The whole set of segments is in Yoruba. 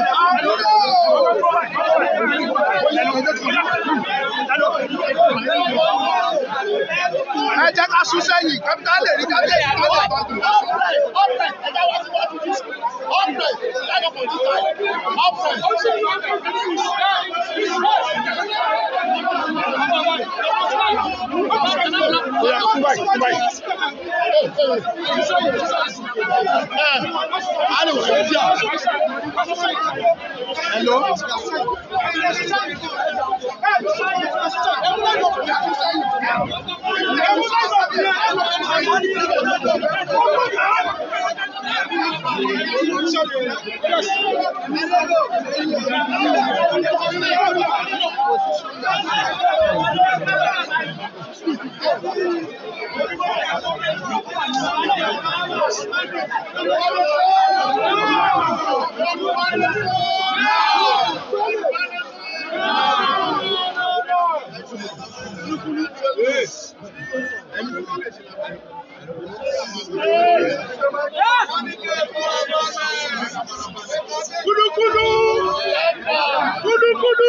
ẹ jẹ́ ká sún sẹ́yìn kẹ́míkà lè rí kájé ìlú ọ̀dọ̀ ọ̀pẹ̀ Hello. Thank you. Kúdúkúdú! Kúdúkúdú!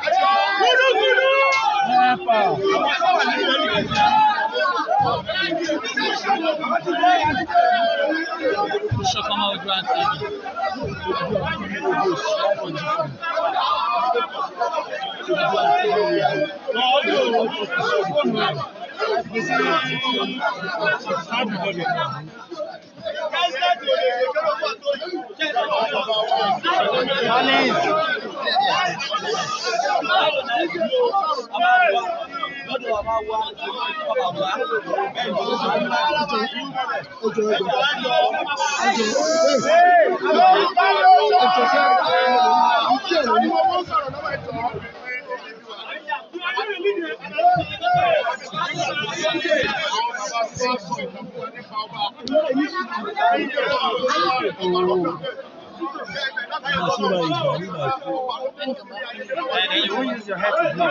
Chocoma ojú àti ìdí. Ojú àti ìdí. Ọjọ́ ọjọ́ ọjọ́ ọjọ́ ọjọ́ Thank you. And you will use your head to block.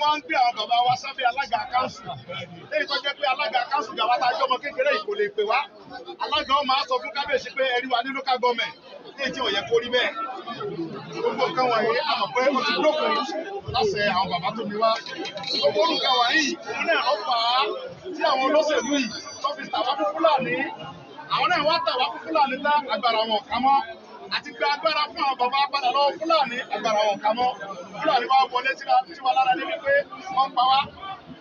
Wọ́n máa ń gbé àwọn bàbá wa sábẹ́ alága kánsù. Lẹ́yìn tó jẹ́ pé alága kánsù gàwá tá a jọ́ ọmọ kékeré yìí kò lè pè wá. Alága wọn máa sọ fún kábíyèsí pé ẹ̀rí wa ní local government. Lẹ́yìn tí ò yẹ kó rí bẹ́ẹ̀. Gbogbo nǹkan wọ̀nyí àmọ̀ pé o ti dókòó lọ́sẹ̀ àwọn bàbá tó ní mi wá ṣùgbọ́n nǹkan wàyí òun náà ló fà á tí àwọn olóṣèlú yìí tó fi tàwa fún fúlàní àwọn náà wá tàwa fún fúlàní lá agbára wọn kà mọ́ àti pé agbára fún àwọn bàbá padà lọ́wọ́ fúlàní agbára wọn kà mọ́ fúlàní wá wọlé tiwa lára níbi pé wọ́n pa wá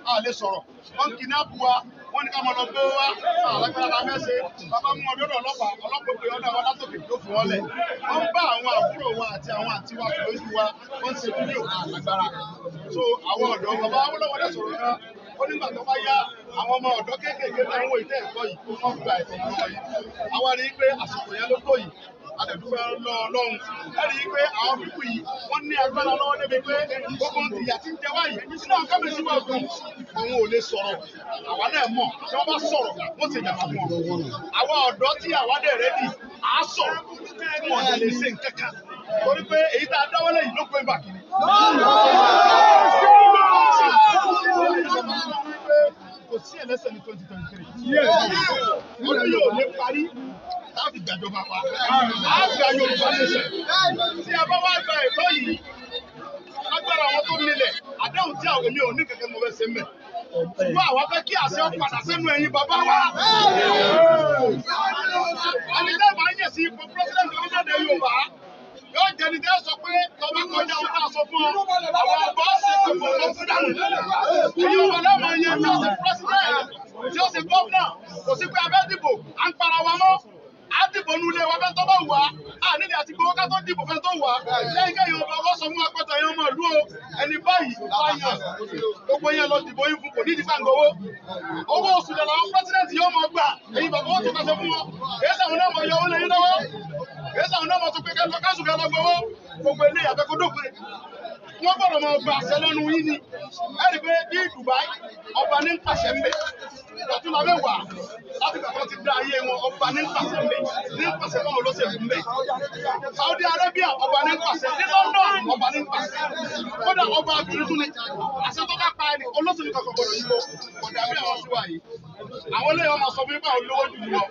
a lè sọ̀rọ̀ wọ́n kidnap wa wọ́n ní ká mọ̀ lọ gbé wá alágbára la mẹ́sẹ̀ bàbá mú ọdún ọlọ́pàá ọlọ́pàá pé ọdún àwọn látòkè tó fún ọ lẹ̀ bá àwọn àbúrò wa àti àwọn àti lójú wa wọ́n ṣe fídíò alágbára so àwọn ọ̀dọ́ bàbá awólọ́wọ́dẹ sọ̀rọ̀ náà ó nígbà tó bá yá àwọn ọmọ ọ̀dọ́ kéékèèké náà ń wo ìtẹ́ ẹ̀kọ́ yìí kó wọ́n gba ẹ̀kọ́ wọn wọ̀nyí àwa rí i pé àsìkò yẹn ló tó yìí àdẹ̀dúgbẹ́ lọ ọlọ́run ẹ̀rí pé àwọn pípù yìí wọ́n ní agbára lọ́wọ́ débi pé gbogbo ìyà tí ń jẹ wáyé sínú àwọn kábíyèsí sí máa àwọn ò lè sọ̀rọ̀ àwa náà mọ̀ tí wọ́n bá sọ̀rọ̀ wọ́n ti dàgbà fún àwa ọ̀dọ́ tí àwa dẹ̀ rẹ́dì á sọ̀rọ̀ fún ọ̀dẹ̀ lè ṣe nǹkan torí pé èyí tá a dáwọ́lẹ̀ yìí ló pé bàkì kò sí ẹlẹ́sẹ̀ ní twenty twenty three. ó ní yóò lè parí láti gbàjọba wa láti gba Yorùbá lẹ́sẹ̀. tí a bá wá gba ẹ̀tọ́ yìí agbára àwọn tó nílẹ̀ àdéhùn tí àwọn èmi ò ní kẹ̀kẹ́ mo fẹ́ ṣe mẹ́. ṣùgbọ́n àwọn fẹ́ kí àṣẹ padà sẹ́nu ẹ̀yìn bàbá wa. àlejò àbáyé sí ipò pírẹ́sìdẹ̀ntì orílẹ̀-èdè Yorùbá yóò jẹni tẹ́ sọ pé tọ́ba kọjá ó tà sọ fún ọ àwọn ọba ṣe kò mọ̀ lọ sí dànù èyí ò wọlé ọmọ yẹn tí ó ṣe pírẹsidẹ́ẹ̀tì tí ó ṣe gọ́ọ̀nà kò sí pé abẹ́ dìbò à ń para wa mọ́ á dìbò nu ilé wa fẹ́ tó bá wà á nílẹ̀ àti gbowó ká tó dìbò fẹ́ tó wà lẹ́yìn kẹ́yìn ọba ọlọ́sọ mú apẹ́tọ̀ yẹn mọ̀ lú o ẹni báyìí láyàn gbogbo yẹn lọ dìbò yín fún kò ní ìdíkà gbowó owó oṣù dọ̀là àwọn pírẹ́sidẹ̀ntì yóò mọ̀ gbà èyí bàbá owó tó kẹsẹ̀ fún wọn èyí sàwọn náà mọ̀ yọ owó lẹ́yìn lọ́wọ́ èyí sàwọn náà mọ̀ tó pé kẹ́ wọ́n gbọ́dọ̀ máa gba àṣẹ lẹ́nu yín ni ẹ rí pé ní Dubai ọba ní ń pàṣẹ mbẹ ìgbàtúmọ̀ mẹ́wàá láti gbàgbọ́ ti dá ayé wọn ọba ní ń pàṣẹ mbẹ ní ń pàṣẹ fáwọn olóṣèlú mbẹ Saudi Arabia ọba ní ń pàṣẹ ní London ọba ní ń pàṣẹ kódà ọba tuntun ni àṣẹ tó bá pa ẹni olóṣèlú kankan gbọ́dọ̀ yíwọ kódà bí àwọn ṣùgbọ́n yìí àwọn eléyàwó máa sọ fún yín pé àwọn olówó jù lọ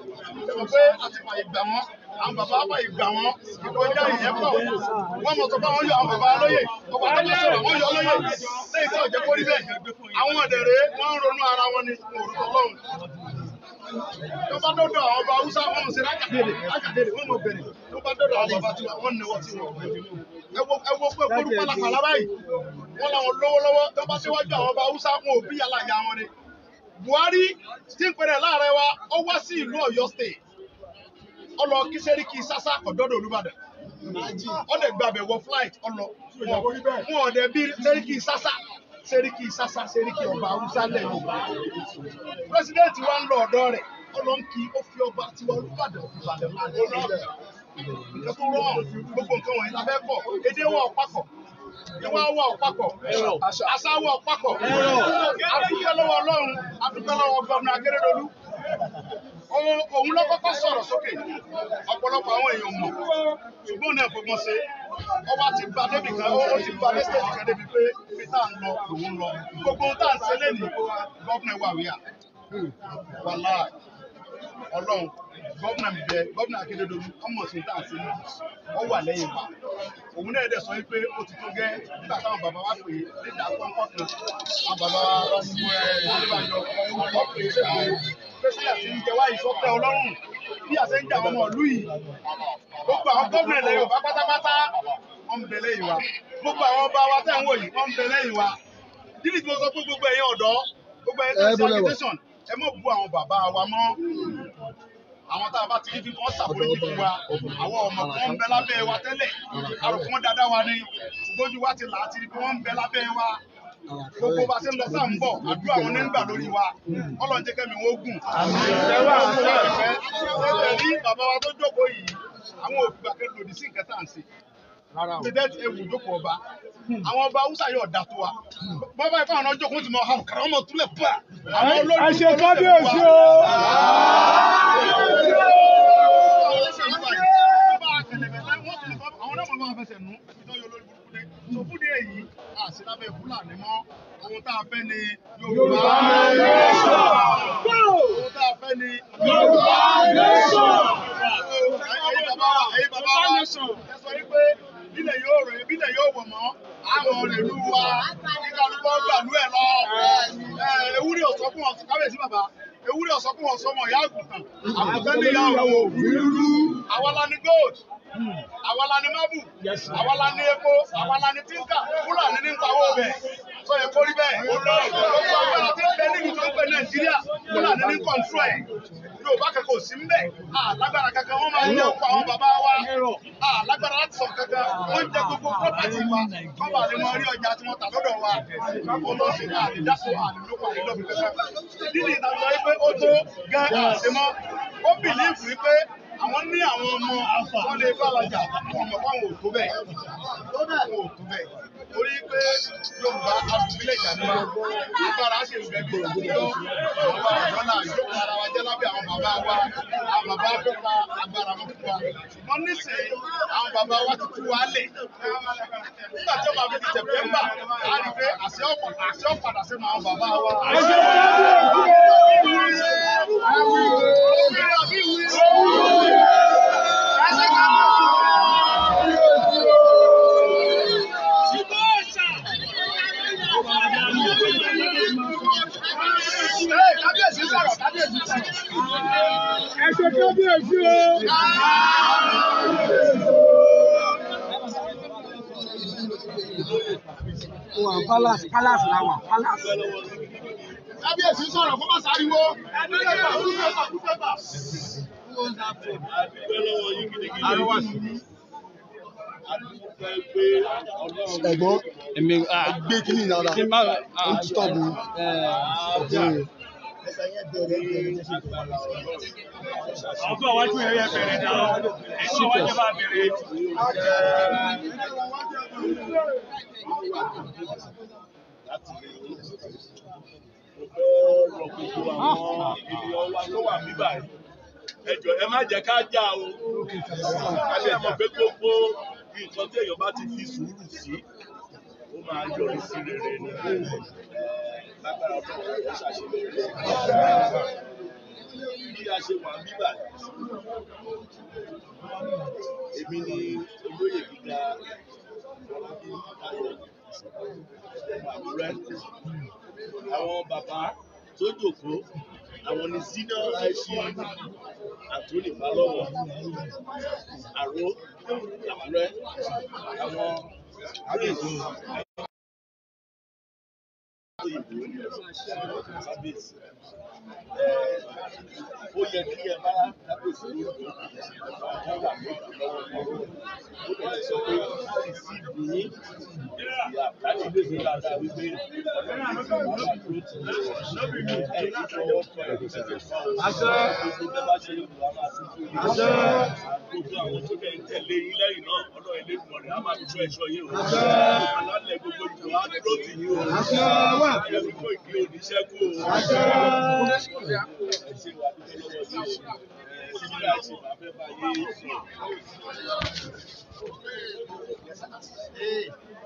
ẹ mọ̀ pé àti fàyè gbà wọn àwọn bàbá wà ìgbà wọn ìkọjá ìyẹn pọ̀ wọ́n mọ̀ sọ pé àwọn yọ àwọn bàbá lóyè ọba tó bá sọ̀rọ̀ wọ́n yọ lóyè lẹ́yìn tó jẹ́ kórí bẹ́ẹ̀ àwọn ọ̀dẹ̀rẹ̀ wọ́n ń ronú ara wọn ni òrùn ọlọ́run tó bá dọ́dọ̀ àwọn ọba haúsá wọn mọ̀ sí lákàtẹ́lẹ̀ lákàtẹ́lẹ̀ wọn mọ̀ bẹ̀rẹ̀ tó bá dọ́dọ̀ àwọn bàbá tiwa wọn nẹwọ́ tiwọn ẹ wo pé kórú pálapàla báyìí wọn làwọn lọ́wọ́lọ́wọ́ tó bá síwájú àwọn ọba haúsá wọn ò bí yàrá ìyá wọn ni Buhari tí ń pẹrẹ láàrẹ wa ó wá sí ìlú Ọ̀yọ́ state ọlọ kíṣẹ́rí kí sásá ọ̀dọ́dọ̀ Olúbàdàn ọ̀dẹ̀ gbàbẹ̀ wọ flight ọlọ wọn ọ̀dẹ̀ bí sẹ́ríkì sásá sẹ́ríkì sásá sẹ́ríkì ọba haúsá lẹ̀ yorùbá president wa ń lọ ọ̀dọ́ rẹ̀ ọlọ́nkì ó fi ọba tiwa Olúbàdàn Ìbàdàn máa lọ nǹkan tó rọ̀ gbogbo nǹkan wọ̀nyí la fẹ́ kọ̀ èdè wọn ọ̀pákọ̀ ìwà wà ọ̀pákọ̀ àṣà wà ọ̀pákọ̀ àdúgbò lọ́wọ́ Ọlọ́run àdúgbò lọ́wọ́ gómìnà Akérédolú òun ló kọ́kọ́ sọ̀rọ̀ sókè ọ̀pọ̀lọpọ̀ àwọn èèyàn mọ̀ ṣùgbọ́n náà fọgbọ́n ṣe ọba ti gba débi kan ó ti gba dé stage kan débi pé ibi tá à ń lọ lòun lọ gbogbo tá à ń ṣe lẹ́nu gọ́vnà wà wíyà wàhálà ọlọ́run gọ́vnà mi bẹ gọ́vnà Akérèdọ́lù ọmọ sí tá à ń ṣe náà ó wà lẹ́yìn wa òun náà dẹ̀ sọ pé ó ti tó gẹ́ nígbà táwọn bàbá wa pè é nígbà pọ́npọ́n kan àwọn bàbá wa lọ́sùn ẹ̀ ẹ̀ pẹ́sẹ́yà sí ń jẹwá ìsọpẹ́ ọlọ́run bí àṣẹ ń jà ọmọ ìlú yìí gbogbo àwọn gómìnà ilẹ̀ Yorùbá pátápátá wọ́n ń bẹ lẹ́yìn wa gbogbo àwọn ọba wa tẹ̀ ń wò yìí wọ́n ń bẹ lẹ́yìn wa dídì tí mo sọ pé gbogbo ẹ̀yin ọ̀dọ́ gbogbo ẹ̀yin tẹ̀sí agitation ẹ mọ̀ bu àwọn bàbá wa mọ́ àwọn tá a bá ti rí bí wọ́n ṣàforíjì fún wa àwọn ọmọ kan ń bẹ lábẹ́ wa tẹ́lẹ̀ àròkún dáadáa wa ni ṣùgbọ́n ojú wa ti là á ti rí bí wọ́n ń bẹ lábẹ́ wa gbogbo bá ṣe lọ sáà ń bọ̀ àdúrà wọn ní gbà lórí wa Ọlọ́run kẹ́mi wọ́n gùn. ìṣẹ́wà àṣà ìfẹ́ ní bàbá wa tó jókòó yìí àwọn òbí gbàgbé lòdì sí nǹkan tá à ń ṣe president ewu jókòó ọba àwọn ọba hausa yóò dà tó wa bàbá ìfọ àwọn ọjọ́ ti mọ àwọn kàrà ọmọ túlẹ̀ pa àwọn olórí tó ṣe kábíyèsí o. àwọn ọlọ́sẹ̀ yìí wà yìí wọ́n bá kẹlẹ̀kẹ̀lẹ̀ wọ́n tún lè fọ́ àwọn náà wọ́n máa fẹsẹ̀ nù tó fún ní èyí àṣìlábẹ́ fúlàní mọ́ ohun tá a fẹ́ ni Yorùbá nation ohun tá a fẹ́ ni Yorùbá nation ẹ̀yin bàbá wa ẹ̀yin bàbá wa ẹ sọ wípé bílẹ̀ yóò rẹ̀ bílẹ̀ yóò wọ̀ mọ́ àwọn ọ̀rẹ́ wa nígbà lúbọ́ gbàlú ẹ̀ lọ ewúrẹ́ ọ̀sọ́ fún ọ̀sán kábíyèsí bàbá ewúrẹ́ ọ̀sán fún ọ̀sán ọmọ ìyá àgùntàn àwọn lani àwa la ni mábù àwa ni epo àwa ni fúlàní ní pawó bẹ tó yẹ kó rí bẹ́ẹ̀ olóògbé ọgbẹ́ni tí ń bẹ nílùú tó ń pè nàìjíríà fúlàní ní sí ń alágbára kankan máa ń yẹ àwọn bàbá wa alágbára láti sọ kankan jẹ gbogbo wa rí ọjà tí tà wa kankan àwọn ní àwọn ọmọ àfà. wọ́n lè bá wa jà àwọn ọmọ fáwọn òkú bẹ́ẹ̀ torí pé Yorùbá abúlé ìjàmbá agbára sì ń bẹ bí ìjọ àwọn àjọ náà yóò ara wa jẹ́ lábẹ́ àwọn bàbá wa àwọn bàbá tó agbára wọn fún wa wọ́n àwọn bàbá wa ti tú wa lẹ̀ nígbà tí wọ́n bá fi sẹ̀pẹ́mbà á rí pé àṣẹ ọ̀pọ̀ àṣẹ ọ̀padà sínú àwọn bàbá wa. you. kábíyèsí sọ̀rọ̀ kábíyèsí sọ̀rọ̀. ẹ ṣe kábíyèsí o. wà palace palace la wà palace. kábíyèsí sọ̀rọ̀ kó má sáriwo. kábíyèsí sọ̀rọ̀ kó má sáriwo ẹ̀gbọ́n èmi ah, gbé kíní ìdára ah, ó ti tọ́bu ọ̀gbìn rẹ̀. Ọgbọ́n wájú ẹ̀yẹ bẹ̀rẹ̀ náà, ẹ̀sìn wájú bá bẹ̀rẹ̀. Ah. Ẹ má jẹ́ ká jà o, a lè mọ̀ pé gbogbo gbogbo nǹkan tí èèyàn bá ti fi sùúrù sí ó máa yọrí sí rere ní gbogbo lágbára fún ọ̀rọ̀ ṣàṣeyọrí bí a ṣe wà bíbà èmi ni olóyè gíga Fọlábí Táyọ̀ Àkúrẹ́ àwọn bàbá tó jókòó àwọn ni zina aishi àtúndì balọwọ àró àkúrẹ àwọn ó yẹ kí ẹ bá dábòsí lórúkọ àwọn wà lókè lọ́wọ́lọ́wọ́ ó lè sọ pé láì sí ìbíní láti lè ṣe dáadáa wípé ọlọ́run ti wà wà tó ti lè wọ̀ ẹ̀ ní ìfọwọ́ kọ ẹ̀ àṣẹ gbogbo bá ṣe lòlù á máa tuntun yìí àṣẹ gbogbo àwọn tó kẹ́ ń tẹ̀lé yín lẹ́yìn náà ọlọ́run ilé ìgbọ̀n rẹ̀ á máa tún ẹ̀ṣọ́ yìí o àṣẹ. Àṣẹ wà. Àṣẹ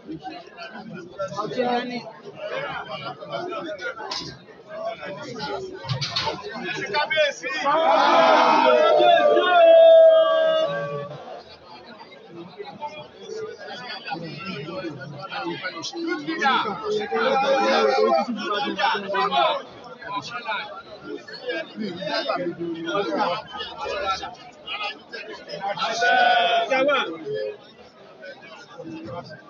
Cabeça! Thank you.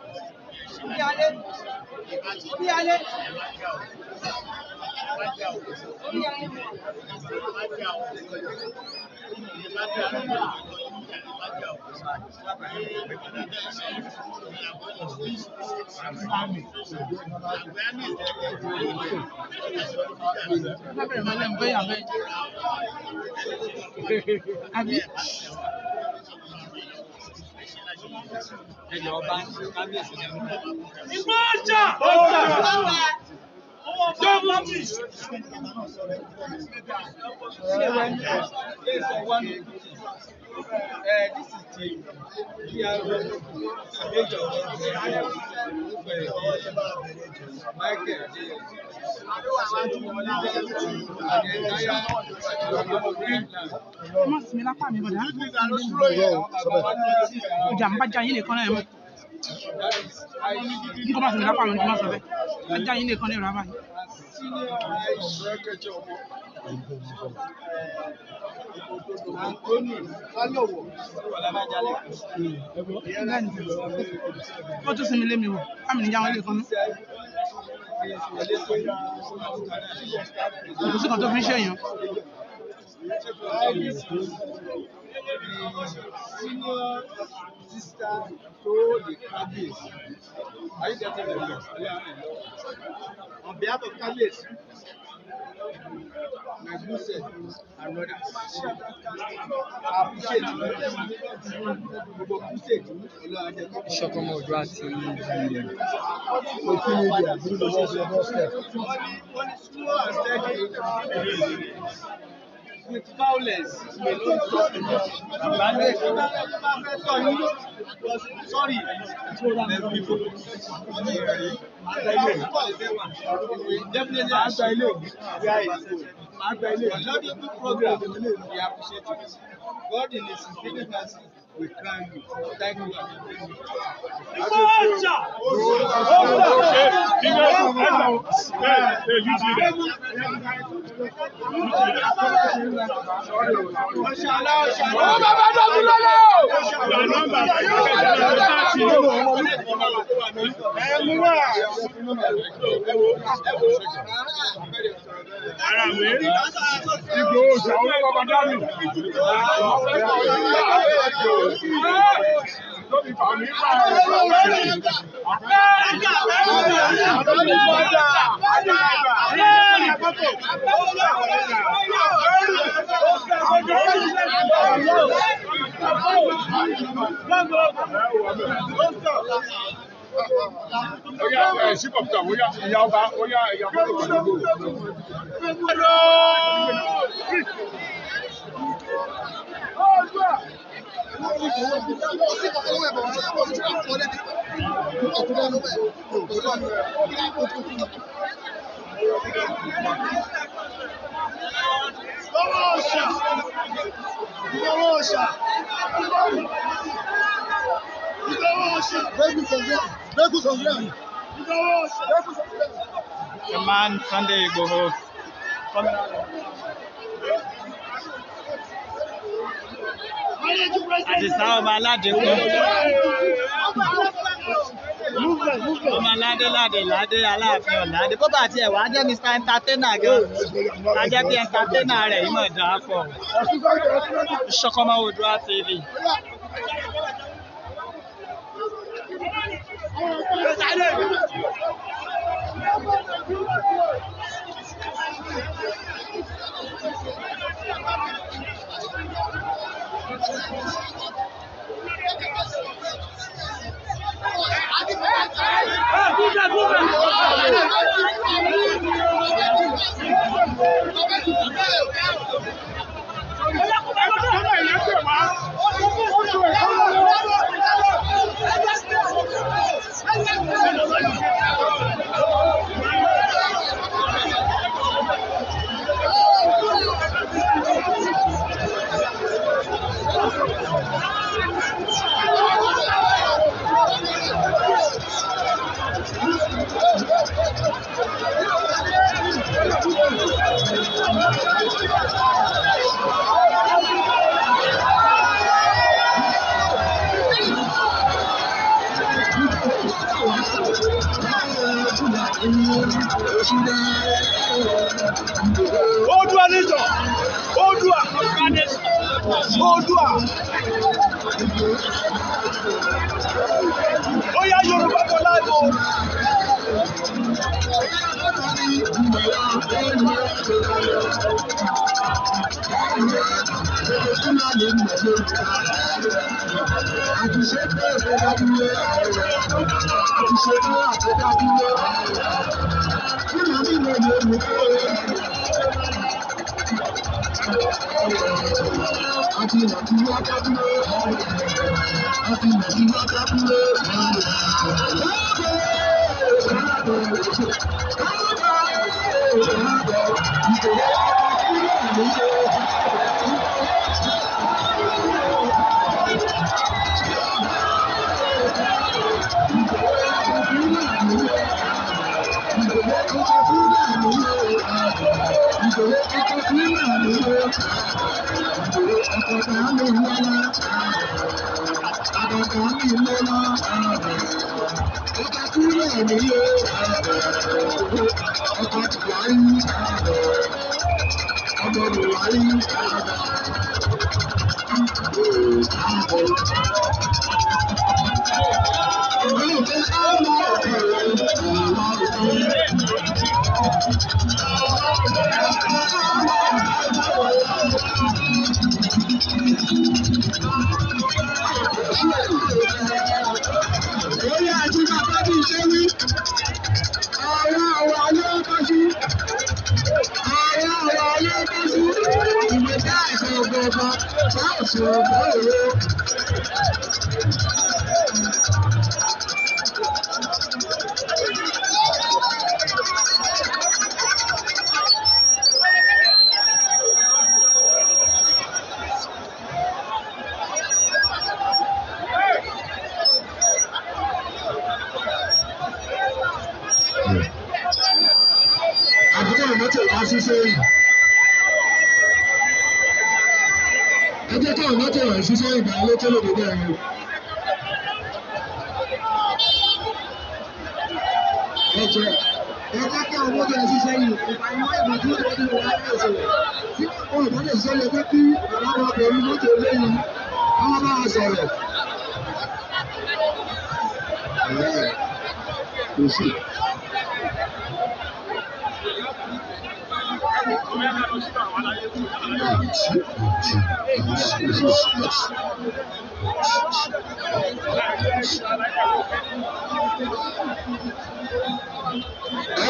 Oníyalé ẹ̀yà ọba kábíyèsí ni a ń bọ̀. ìgbọ́jà ọjà. Baptist. Uh, this is the we are Michael ọmọ sinmi lápá mi bọ̀dá ọjà ń bá jayé lè kọ́ náà ẹ̀ mọ́ n kò bá sọ̀rọ̀ lápá àwọn ọmọ sọ bẹ́ẹ̀ ajá yín nìkan lẹ́rọ abáyé. ó tún sinmi lémi wò káàmì níjà wọn lè kan kò sí kan tó fi ń ṣèyàn. Iris is the senior sister to the Kabiyesi. Are you getting the news? On behalf of Kabiyesi, my good self and others, I appreciate gbogbo crusade Olúwàjẹ Kabiyesi. Ṣọkọmọ Òjó àti Òkú Media, with violence may no stop the justice. Àbálẹ̀ ìṣúná rẹ̀ tó bá fẹ́ sọ yín sọ́rí tí ó rà lẹ́nu ìbò. Àgbà ilé definitely àgbà ilé àgbà ilé. Lọ́dún program we appreciate you. God in his infinite mercy we crown you. Thank you. Ìfọ̀jà! Ṣé ìwé ẹ̀rọ ẹ̀ ẹ̀ yìí ti rẹ̀? Ọ̀ṣàlá ọ̀ṣàlá. Ọmọ bàbá náà tún lọ́lọ́! Ẹ mú wá! Ara mi, ìgbò òṣà olóko bàbá mi. Oya ẹ The man Sunday Igboho coming out àdìsá ọba aládé kan ọmọ aládé ládé ládé aláàfin ọ̀ládé bó bá tiẹ̀ wá jẹ́ mr entertainer gan a jẹ́ bí entertainer rẹ̀ yìí mọ̀ dáa pọ̀ Ṣọ̀kọ̀mọ́ Oòduà TV. Thank you. Hey, light I'm on the light I'm on the light sí.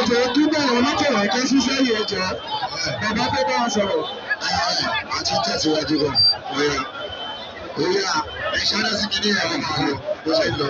ẹjọ dúdú àwọn oníkòwò ẹkẹ yìí ẹjọ bàbá fẹ́ bá wọn sọ̀rọ̀. a ti tẹ̀síwájú bọ̀ ọ̀yà ọ̀yà ẹ̀ṣẹ́ lásìkò ní ẹ̀rọ ìfọ̀ bó ṣe lọ.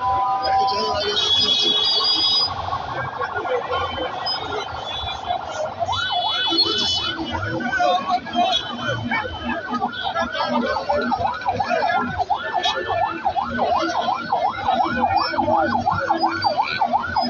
I'm going to go to the hospital.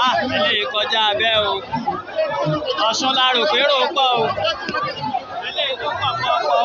Ah, ilé ìkọjá abẹ́ o. Ọ̀ṣun la rò pé rò pọ̀ o. Ilé ìtúpọ̀ pọ̀ o.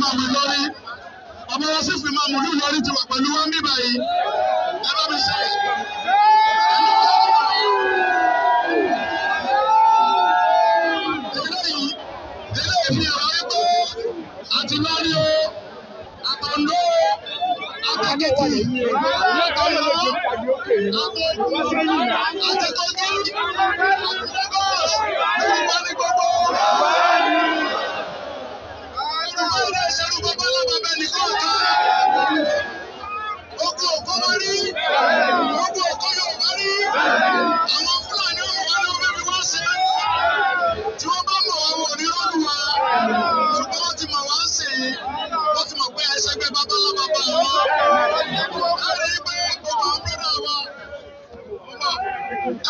máa mú lórí ọmọ wọn sísè máa mú lórí ti wà pẹ̀lú wọn bíbá yìí ẹ bá mi ṣe. àti lórí o àtọ̀ndó àtọ̀kẹ́tì lọ́tọ̀lọ́ àtọ̀kẹ́tì àtẹ̀kọ́jú àtúndẹ́gọ́ọ̀sì gbogbo ní gbogbo. ẹnìkọ̀ọ̀kan. Ogun òkú wá rí. Ogun òkú Yorùbá rí. Àwọn Fúlàní ọ̀hún wá ní omi wá ṣe. Tí wọ́n bá mọ̀ wá wọ̀ ní lọ́dún wa. Ṣùgbọ́n wọ́n ti mọ̀ wá sí i. Wọ́n ti mọ̀ pé ẹsẹ̀ gbé babalábàbà wọn. A rí i pé gbogbo àwọn búrọ́dà wa.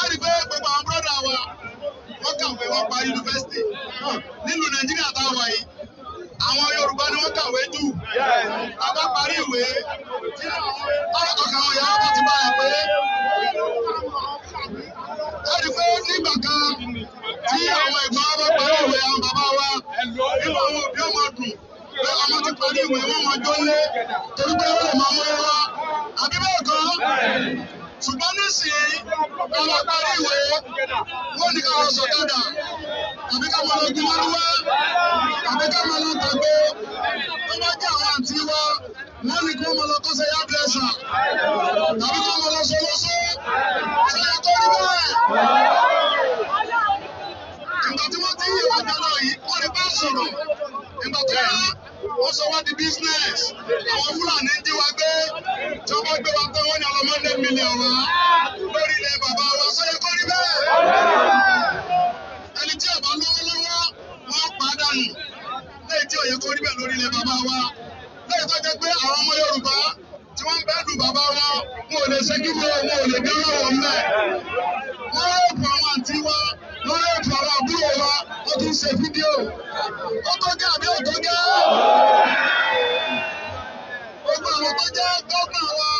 A rí i pé gbogbo àwọn búrọ́dà wa. Wọ́n kàwé wọ́n pa yunifásitì. Nílùú Nàìjíríà bàbá parí ìwé ọ̀kan ìyá ọ̀tọ̀ ti bá yà pé ó rí pé nígbà kan tí àwọn ẹ̀gbọ́n bá parí ìwé àwọn bàbá wa nínú àwọn òbí ọmọ dùn pé àwọn ti parí ìwé wọn wọn jó torí pé ó lè ṣùgbọ́n nísìnyí ọlọ́ parí ìwé wọ́n ní ká lọ sọ̀kadà àbí ká máa lọ gbin lọ́dúnwá àbí ká lọ tàgbé tó bá jẹ́ àwọn àǹtí wa wọ́n ní kí wọ́n máa lọ kọ́ sẹ́yà blẹ́sà tàbí kí lọ sọ lọ́sọ́ sẹ́yà tó rí bẹ́ẹ̀ ìgbà tí wọ́n ti yẹ wá dáná yìí wọ́n ní bá sọ̀rọ̀ ìgbà tó yà wọ́n sọ wá di business àwọn fúlàní ń jí wa gbé tí wọ́n bá gbé wa pé wọ́n ní ọlọ́mọ ní mílíọ̀n wa lórí ilẹ̀ bàbá wa sọ yẹ kó rí bẹ́ẹ̀. ẹni tí ọba lọ́wọ́lọ́wọ́ wọ́n pa dànù lẹ́yìn tí ó yẹ kó rí bẹ́ẹ̀ lórí ilẹ̀ bàbá wa lẹ́yìn tó jẹ́ pé àwọn ọmọ Yorùbá tí wọ́n bẹ́ẹ̀ lù bàbá wọn wọn ò lè ṣẹ́jú wọn wọn ò lè dé ọlọ́wọ́ mẹ́ wọ́n rọ̀ àwọn àǹtí wa lórí ètò àwọn àbúrò wa ó tún ṣe fídíò ó tó jẹ́ àbí ó tó jẹ́ gbogbo àwọn tó jẹ́ gómìnà wa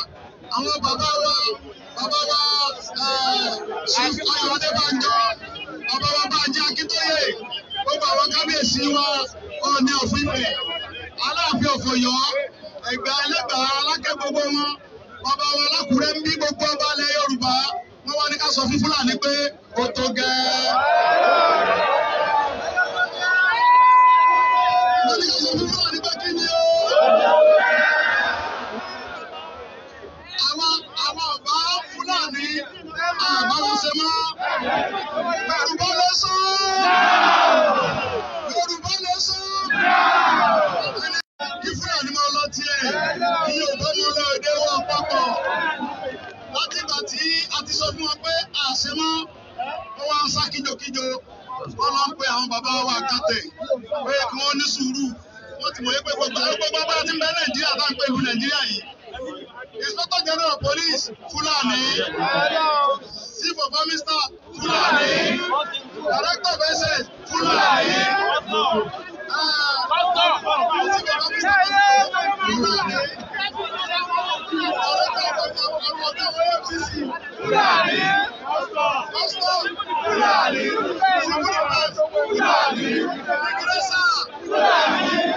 àwọn bàbá wa bàbá wa ṣùgbọ́n eh, àwọn adébánjọ bàbá wa Bánjí Akíntóyè gbogbo àwọn kábíyèsí wa Ọọ̀ni ọ̀fun Ifẹ̀ Aláàfin of Ọ̀yọ́ Ẹ̀gbá Ẹlẹ́gbà alákẹ́ gbogbo wọn bàbá wa lákùrẹ́ ń bí gbogbo ọba ilẹ̀ Yorùbá wọ́n wá ní ká sọ fún Fúlàní pé ó tó gẹ́. wọ́n ní ká sọ fún Fúlàní pé kí ni ó. àwọn àwọn ọ̀bá Fúlàní àbára ṣe mọ́. Yorùbá lè sọ. Yorùbá lè sọ. kí Fúlàní máa lọ tiẹ̀ kí Yorùbá. sọ fún wọn pé àṣẹ mọ́ wọn wá ń sá kíjokíjo wọn lọ ń pe àwọn bàbá wa kàtẹ pé kí wọn ní sùúrù wọn ti mọ̀ yé pé gbogbo àti gbogbo bá ti ń bẹ Nàìjíríà tá à ń pè lu Nàìjíríà yìí. Inspector General of Police Fulani, Chief of Armister Fulani, Director of SS Fulani, Fulani, Fulani. Fulani, Fulani.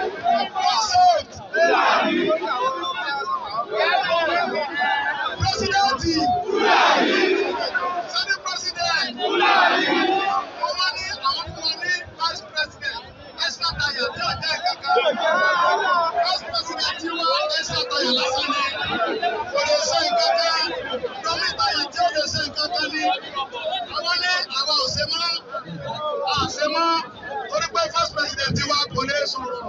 Fulani, Fulani. Fulani, Fulani. Fulani. Pírẹ́sìdẹ́ǹtì. Sẹ́ni pírẹ́sìdẹ́ǹtì. Mo máa ní àwọn fún wọn ní vice president extra tire ní ọjọ́ ìkankan. Vice president wa extra tire lásán ni. Kò lè ṣe ìkankan. Domi tire tí ó lè ṣe ìkankan ni. Àwọn ní àwa ò ṣe mọ́. À ṣe mọ́. Torí pé vice president wa kò lè sọ̀rọ̀.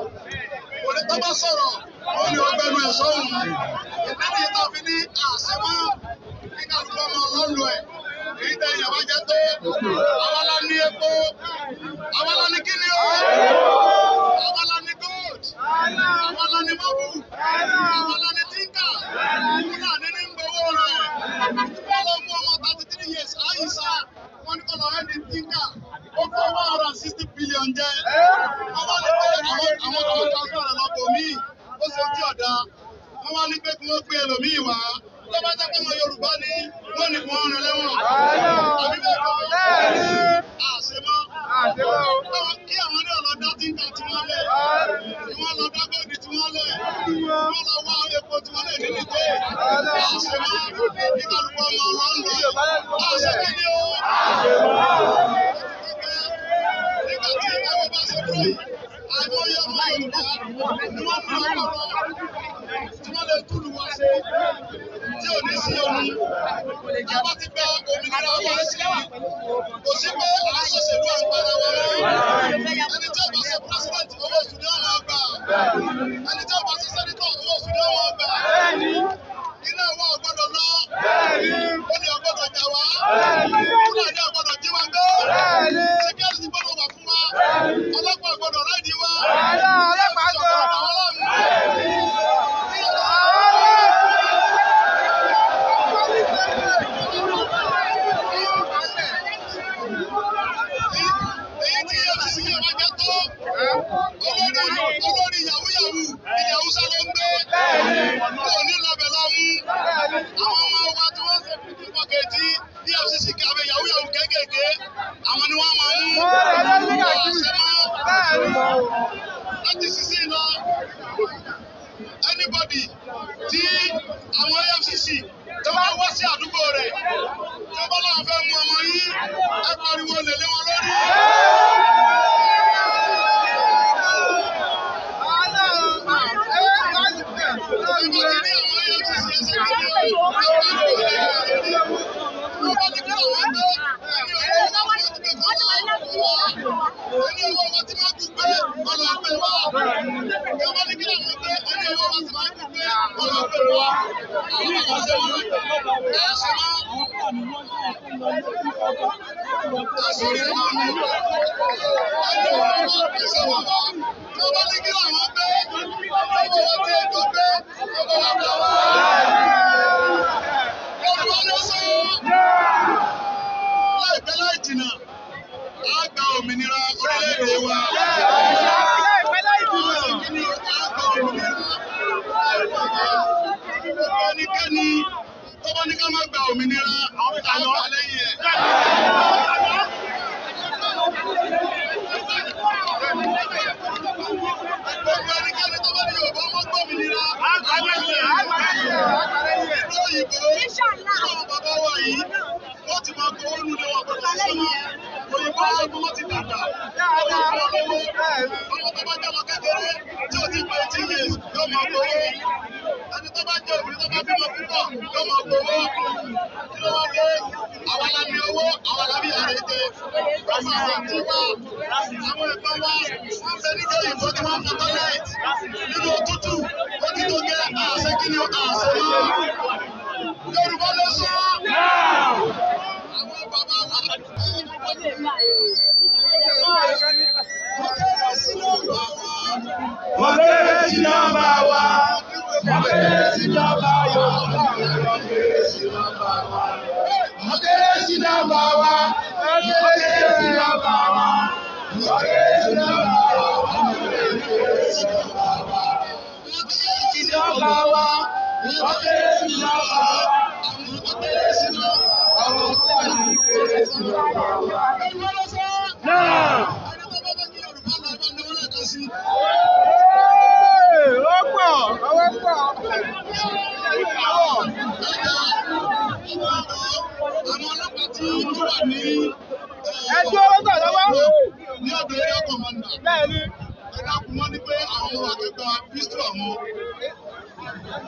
Kò lè tọ́ bá sọ̀rọ̀. Ó ní ọgbẹ́nu ẹ̀ sọ́hùn tó fi ní àṣemọ́ nígbà tí wọ́n mọ lọ́lù ẹ̀ èyí tẹ ìyàwó jẹ́ tó awọ́lá ní epo awọ́lá ní kíni o awọ́lá ní gold awọ́lá ní mọ́bù awọ́lá ní. àwọn tí wa wọ́n bẹ nílé ìbò tí wọ́n nínú òtútù ó ní tó jẹ́ àṣekínú àṣeyọ́.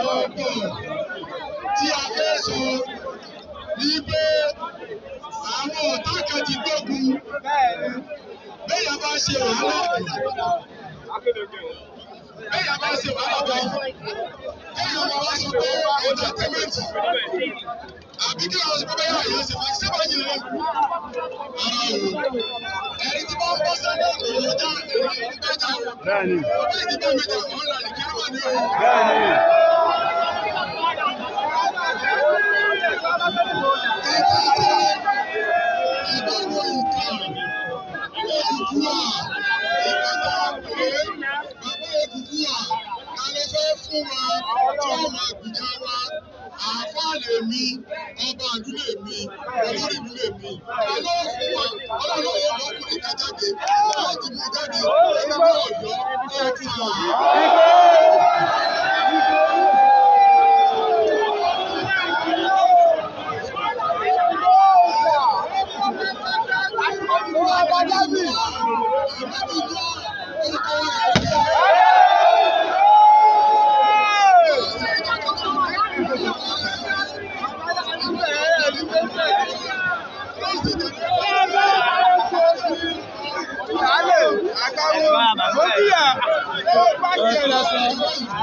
ọ̀rọ̀ pọ̀ tí a fẹ́ sọ ní pé àwọn ọ̀tá kan ti gbógun bẹ́ẹ̀ bá ṣe wàhálà bẹ́ẹ̀ bá ṣe wàhálà báyìí bẹ́ẹ̀ bá wá sọ pé entertainment àbí kí àwọn ìṣẹ̀fẹ́ bẹ́yà yìí ṣe máa ṣe máa yìí rẹ̀ ara o ẹni tí wọ́n bọ́ sẹ́lẹ̀ ìgbòho já èrò ìgbẹ́jà o bẹ́ẹ̀ni ìgbẹ́ méjì ọ̀hún là ní kí wọ́n ní o. bẹ́ẹ̀ni. ìgbà tí ìgbàgbọ́ ìka òkùnkùn à ìgbàgbọ́ òkùnkùn bàbá òkùnkùn à kálẹ̀ fẹ́ fún wa tí wọ́n máa gbìyànjú àáfàlè mi ọba ìdílé mi olórí ìdílé mi ọlọ́ọ̀fù wa ọlọ́ọ̀fù wa ọkùnrin kan jáde láti mú jáde ẹgbẹ́ ọ̀yọ́ ẹ̀ka. Thank you. bàbá ẹ̀.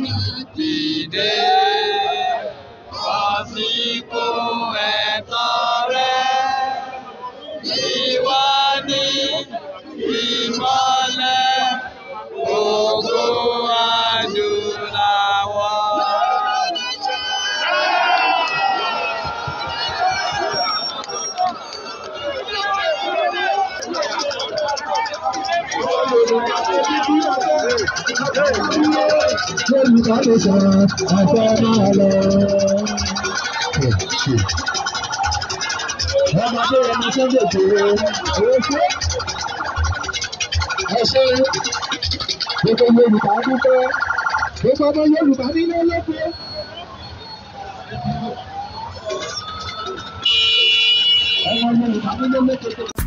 He jíjà àfẹ́ máa lọ. ọmọdé ọmọ tó ń dèjì rẹ oṣù ẹṣẹ gbogbo Yorùbá dúpẹ́ gbogbo ọmọ Yorùbá nínú lóko. ọmọ Yorùbá nínú lóko.